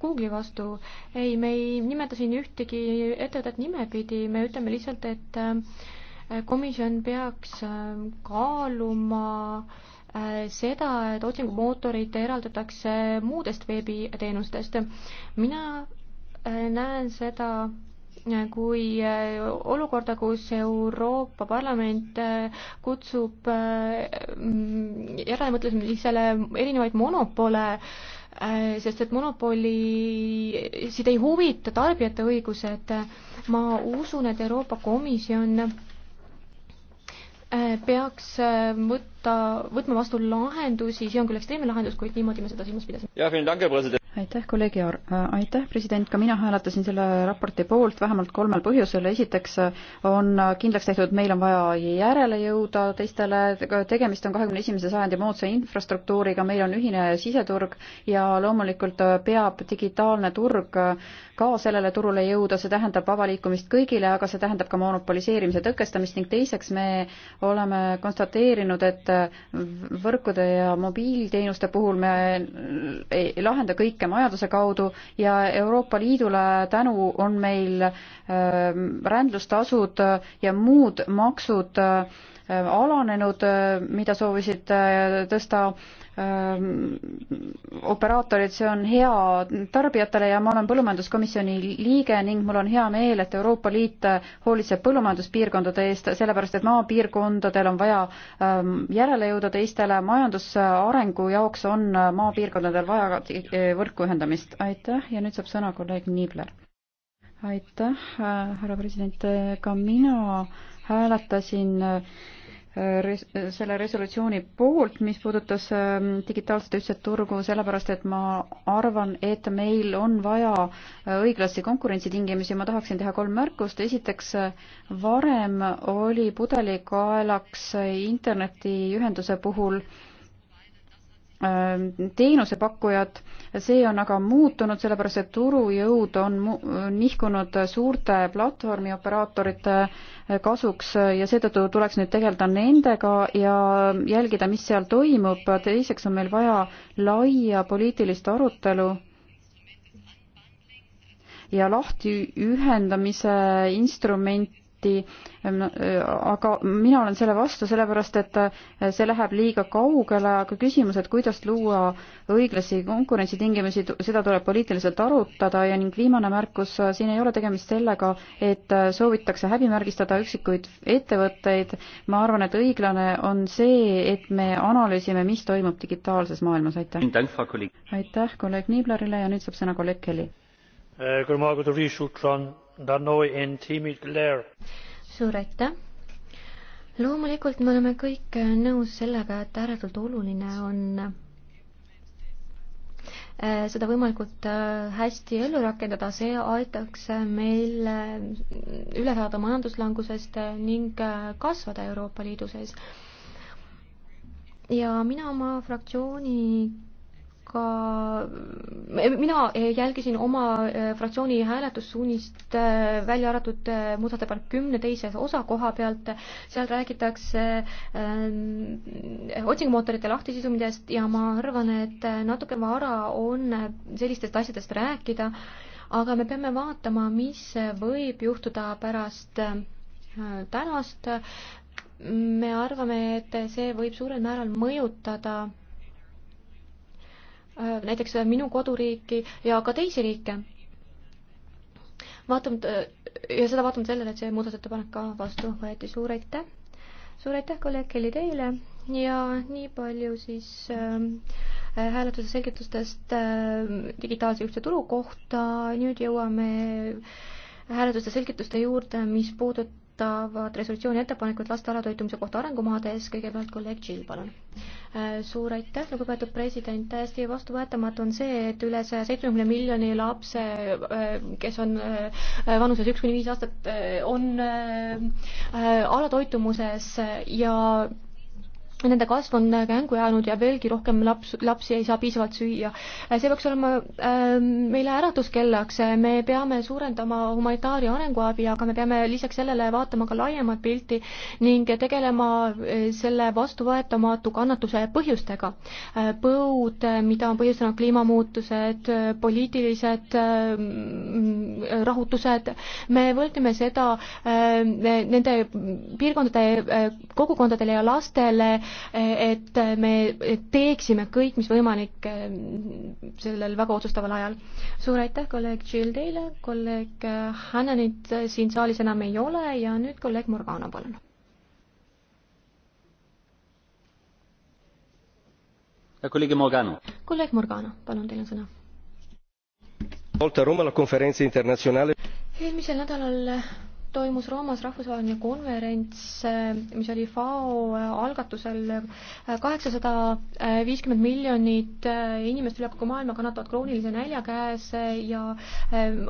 Google'i vastu. ei, me ei nimeta siin ühtegi ettevõtet nimepidi, me ütleme lihtsalt, et äh, komisjon peaks äh, kaaluma äh, seda, et otsingumootorid eraldatakse muudest veebiteenustest. mina äh, näen seda kui olukorda, kus Euroopa Parlament kutsub järelemõtlemisele erinevaid monopole, sest et monopoli, siit ei huvita tarbijate õigused. ma usun, et Euroopa Komisjon Äh, peaks äh, mõt-, võtta, võtma vastu lahendusi, see on küll ekstreemne lahendus, kuid niimoodi me seda silmas pidasime. aitäh, kolleeg Jaar. Äh, aitäh, president, ka mina hääletasin selle raporti poolt vähemalt kolmel põhjusel. esiteks äh, on äh, kindlaks tehtud, et meil on vaja järele jõuda teistele, tegemist on kahekümne esimese sajandi moodsa infrastruktuuriga, meil on ühine siseturg ja loomulikult peab digitaalne turg ka sellele turule jõuda, see tähendab vaba liikumist kõigile, aga see tähendab ka monopoliseerimise tõkestamist ning teiseks me oleme konstateerinud, et Äh, võrkude ja mobiilteenuste puhul me ei lahenda kõike majanduse kaudu ja Euroopa Liidule tänu on meil äh, rändlustasud ja muud maksud äh, alanenud, mida soovisid tõsta operaatorid, see on hea tarbijatele ja ma olen põllumajanduskomisjoni liige ning mul on hea meel, et Euroopa Liit hoolitseb põllumajanduspiirkondade eest, sellepärast et maapiirkondadel on vaja järele jõuda teistele, majandusarengu jaoks on maapiirkondadel vaja võrku ühendamist. aitäh ja nüüd saab sõna kolleeg Niibler. aitäh, härra president, ka mina hääletasin äh, res-, selle resolutsiooni poolt, mis puudutas ähm, digitaalset ühtset turgu, sellepärast et ma arvan, et meil on vaja äh, õiglasi konkurentsitingimusi, ma tahaksin teha kolm märkust, esiteks varem oli pudelikaelaks internetiühenduse puhul äh, teenusepakkujad, see on aga muutunud, sellepärast et turujõud on nihkunud suurte platvormioperaatorite äh, kasuks äh, ja seetõttu tuleks nüüd tegeleda nendega ja jälgida, mis seal toimub, teiseks on meil vaja laia poliitilist arutelu ja lahtiühendamise instrument debatti, aga mina olen selle vastu, sellepärast et äh, see läheb liiga kaugele, aga küsimus, et kuidas luua õiglasi konkurentsitingimusi, seda tuleb poliitiliselt arutada ja ning viimane märkus, äh, siin ei ole tegemist sellega, et äh, soovitakse häbimärgistada üksikuid ettevõtteid, ma arvan, et õiglane on see, et me analüüsime, mis toimub digitaalses maailmas, aitäh. aitäh kolleeg Niiblerile ja nüüd saab sõna kolleeg Kelly suur aitäh! loomulikult me oleme kõik äh, nõus sellega, et ääretult oluline on äh, seda võimalikult äh, hästi ellu rakendada, see aitaks meil üle saada majanduslangusest ning kasvada Euroopa Liidu sees. ja mina oma fraktsiooni ka, mina jälgisin oma äh, fraktsiooni hääletussuunist äh, välja arvatud äh, muudatusettepanek kümne teise osa koha pealt, seal räägitakse äh, otsingumootorite lahtisidumisest ja ma arvan, et natuke vara on sellistest asjadest rääkida, aga me peame vaatama, mis võib juhtuda pärast äh, tänast me arvame, et see võib suurel määral mõjutada Äh, näiteks minu koduriiki ja ka teisi riike. vaatamata, äh, ja seda vaatamata sellele, et see muudatusettepanek ka vastu võeti, suur aitäh! suur aitäh, kolleeg Kelly teile ja nii palju siis ähm, äh, hääletuse äh, selgitustest äh, digitaalse ühtse turu kohta, nüüd jõuame hääletuste selgituste juurde, mis puudutab puudutavad resolutsiooni ettepanekut laste alatoitumise kohta arengumaades, kõigepealt kolleeg Jill, palun. Äh, suur aitäh, lugupeetud president, täiesti vastuvõetamatu on see, et üle saja seitsmekümne miljoni lapse, äh, kes on äh, vanuses üks kuni viis aastat, on alatoitumuses ja nende kasv on kängu jäänud ja veelgi rohkem laps, lapsi ei saa piisavalt süüa. see peaks olema äh, meile äratuskellaks, me peame suurendama humanitaar- ja arenguabi, aga me peame lisaks sellele vaatama ka laiemat pilti ning tegelema äh, selle vastuvõetamatu kannatuse põhjustega. Äh, põud, äh, mida on põhjustanud kliimamuutused, poliitilised äh, mm, rahutused, me võlgneme seda äh, nende piirkondade äh, kogukondadele ja lastele, et me teeksime kõik, mis võimalik eh, sellel väga otsustaval ajal. suur aitäh, kolleeg Jill teile, kolleeg eh, Hannanit siin saalis enam ei ole ja nüüd kolleeg Morgana, palun. kolleeg Morgana. kolleeg Morgana, palun, teil on sõna eelmisel nädalal toimus Roomas rahvusvaheline konverents, mis oli FAO algatusel, kaheksasada viiskümmend miljonit inimest üle kogu maailma kannatavad kroonilise nälja käes ja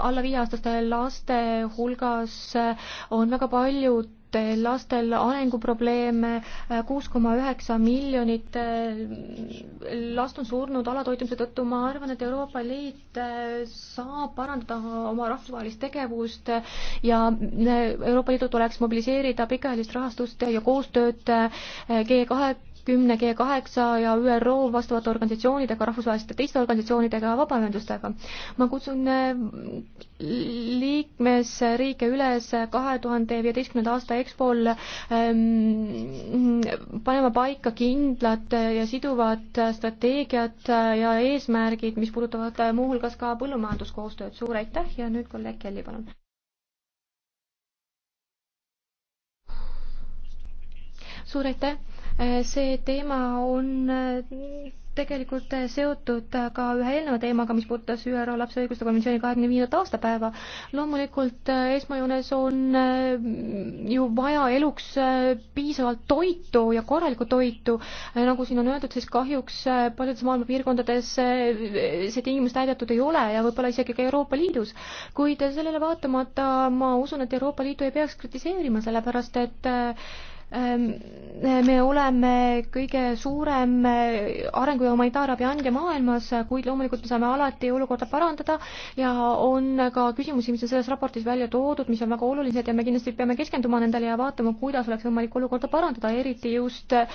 alla viieaastaste laste hulgas on väga paljud puudutel lastel arenguprobleeme, äh, kuus koma üheksa miljonit äh, last on surnud alatoitumise tõttu, ma arvan, et Euroopa Liit äh, saab parandada oma rahvusvahelist tegevust ja Euroopa Liidul tuleks mobiliseerida pikaajalist rahastust ja koostööd G kahe kümne G kaheksa ja ÜRO vastavate organisatsioonidega, rahvusvaheliste teiste organisatsioonidega ja vabaühendustega. ma kutsun äh, liikmesriike üles kahe tuhande viieteistkümnenda aasta EXPO-l ähm, panema paika kindlad ja siduvad strateegiad ja eesmärgid, mis puudutavad äh, muuhulgas ka põllumajanduskoostööd. suur aitäh ja nüüd kolleeg Kelly, palun. suur aitäh Äh, see teema on äh, tegelikult äh, seotud ka ühe eelneva teemaga, mis puudutas ÜRO lapse õiguste konventsiooni kahekümne viiendat aastapäeva. loomulikult esmajoones on ju vaja eluks piisavalt toitu ja korralikku toitu. nagu siin on öeldud, siis kahjuks paljudes maailma piirkondades see tingimus täidetud ei ole ja võib-olla isegi ka Euroopa Liidus. kuid sellele vaatamata ma usun, et Euroopa Liitu ei peaks kritiseerima, sellepärast et äh, Ehm, me oleme kõige suurem eh, arengu- ja humanitaarabi andja maailmas, kuid loomulikult me saame alati olukorda parandada ja on ka küsimusi, mis on selles raportis välja toodud, mis on väga olulised ja me kindlasti peame keskenduma nendele ja vaatama, kuidas oleks võimalik olukorda parandada, eriti just eh,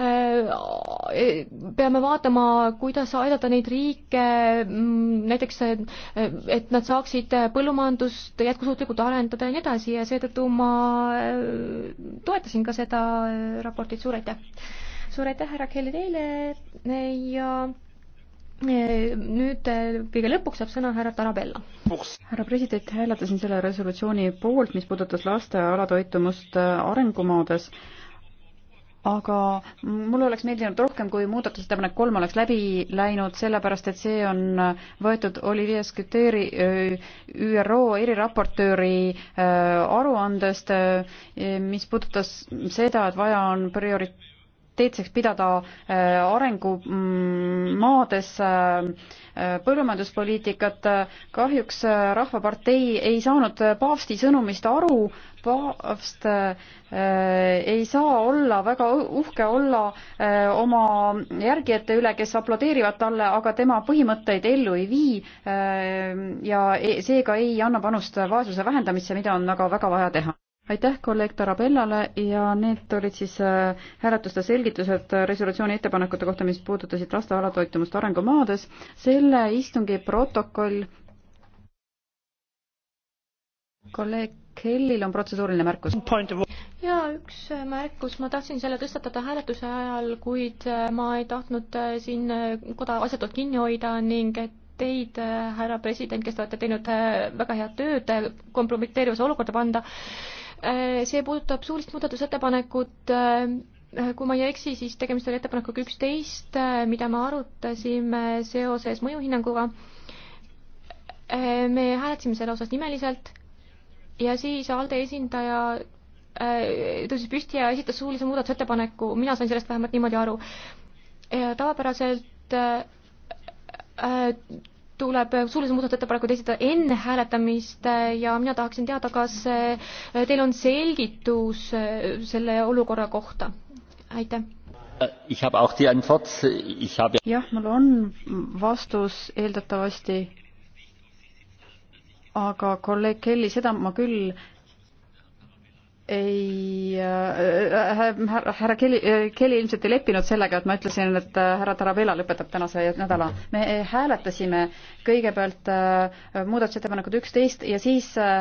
eh, peame vaatama, kuidas aidata neid riike mm, näiteks, et nad saaksid põllumajandust jätkusuutlikult arendada ja nii edasi ja seetõttu ma toetasin ka seda äh, raportit, suur aitäh! suur aitäh, härra Kelly, teile ja äh, nüüd äh, kõige lõpuks saab sõna härra Tarabella. härra president, hääletasin selle resolutsiooni poolt, mis puudutas laste alatoitumust arengumaades aga mulle oleks meeldinud rohkem, kui muudatusettepanek kolm oleks läbi läinud, sellepärast et see on võetud Olivier Scuteri, ÜRO eriraportööri aruandest, mis puudutas seda, et vaja on priori-, prioriteetseks pidada äh, arengumaades mm, äh, äh, põllumajanduspoliitikat. kahjuks Rahvapartei ei saanud paavsti sõnumist aru, paavst ei saa olla väga uhke olla oma järgijate üle, kes aplodeerivad talle, aga tema põhimõtteid ellu ei vii ja e-, seega ei anna panust vaesuse vähendamisse, mida on aga väga vaja teha aitäh kolleeg Tarabellale ja need olid siis äh, hääletuste selgitused äh, resolutsiooni ettepanekute kohta, mis puudutasid laste alatoitumust arengumaades. selle istungi protokoll. kolleeg Kellil on protseduuriline märkus. ja üks äh, märkus, ma tahtsin selle tõstatada hääletuse ajal, kuid ma ei tahtnud siin koda asjatult kinni hoida ning et teid, härra president, kes te olete teinud väga head tööd, kompromiteerivasse olukorda panda Äh, see puudutab suulist muudatusettepanekut, äh, kui ma ei eksi, siis tegemist oli ettepanekuga üksteist, äh, mida me arutasime seoses mõjuhinnanguga. me hääletasime selle osas nimeliselt ja siis ALDE esindaja tõusis püsti ja esitas suulise muudatusettepaneku, mina sain sellest vähemalt niimoodi aru. tavapäraselt tuleb suulise muudatusettepanekud esitada enne hääletamist ja mina tahaksin teada, kas eh, teil on selgitus eh, selle olukorra kohta? aitäh. Äh, jah, mul on vastus eeldatavasti, aga kolleeg Kelly, seda ma küll ei äh,, äh, äh härra Kelly, äh, Kelly ilmselt ei leppinud sellega, et ma ütlesin, et härra Tarabella lõpetab tänase nädala. me hääletasime kõigepealt äh, muudatusettepanekut üksteist ja siis äh,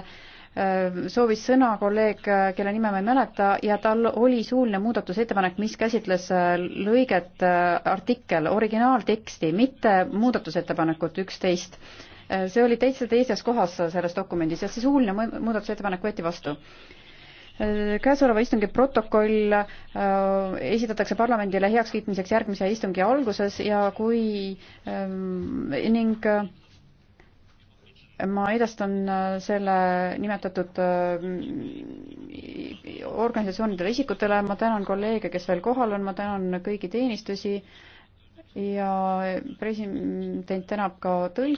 soovis sõna kolleeg, kelle nime ma ei mäleta, ja tal oli suuline muudatusettepanek, mis käsitles lõiget artikkel, originaalteksti, mitte muudatusettepanekut üksteist see oli täitsa teises kohas selles dokumendis ja see suuline muudatusettepanek võeti vastu käesoleva istungi protokoll äh, esitatakse parlamendile heakskiitmiseks järgmise istungi alguses ja kui ähm, ning äh, ma edastan äh, selle nimetatud organisatsioonidele, isikutele, ma tänan kolleege, kes veel kohal on, ma tänan kõigi teenistusi ja president tänab ka tõlke.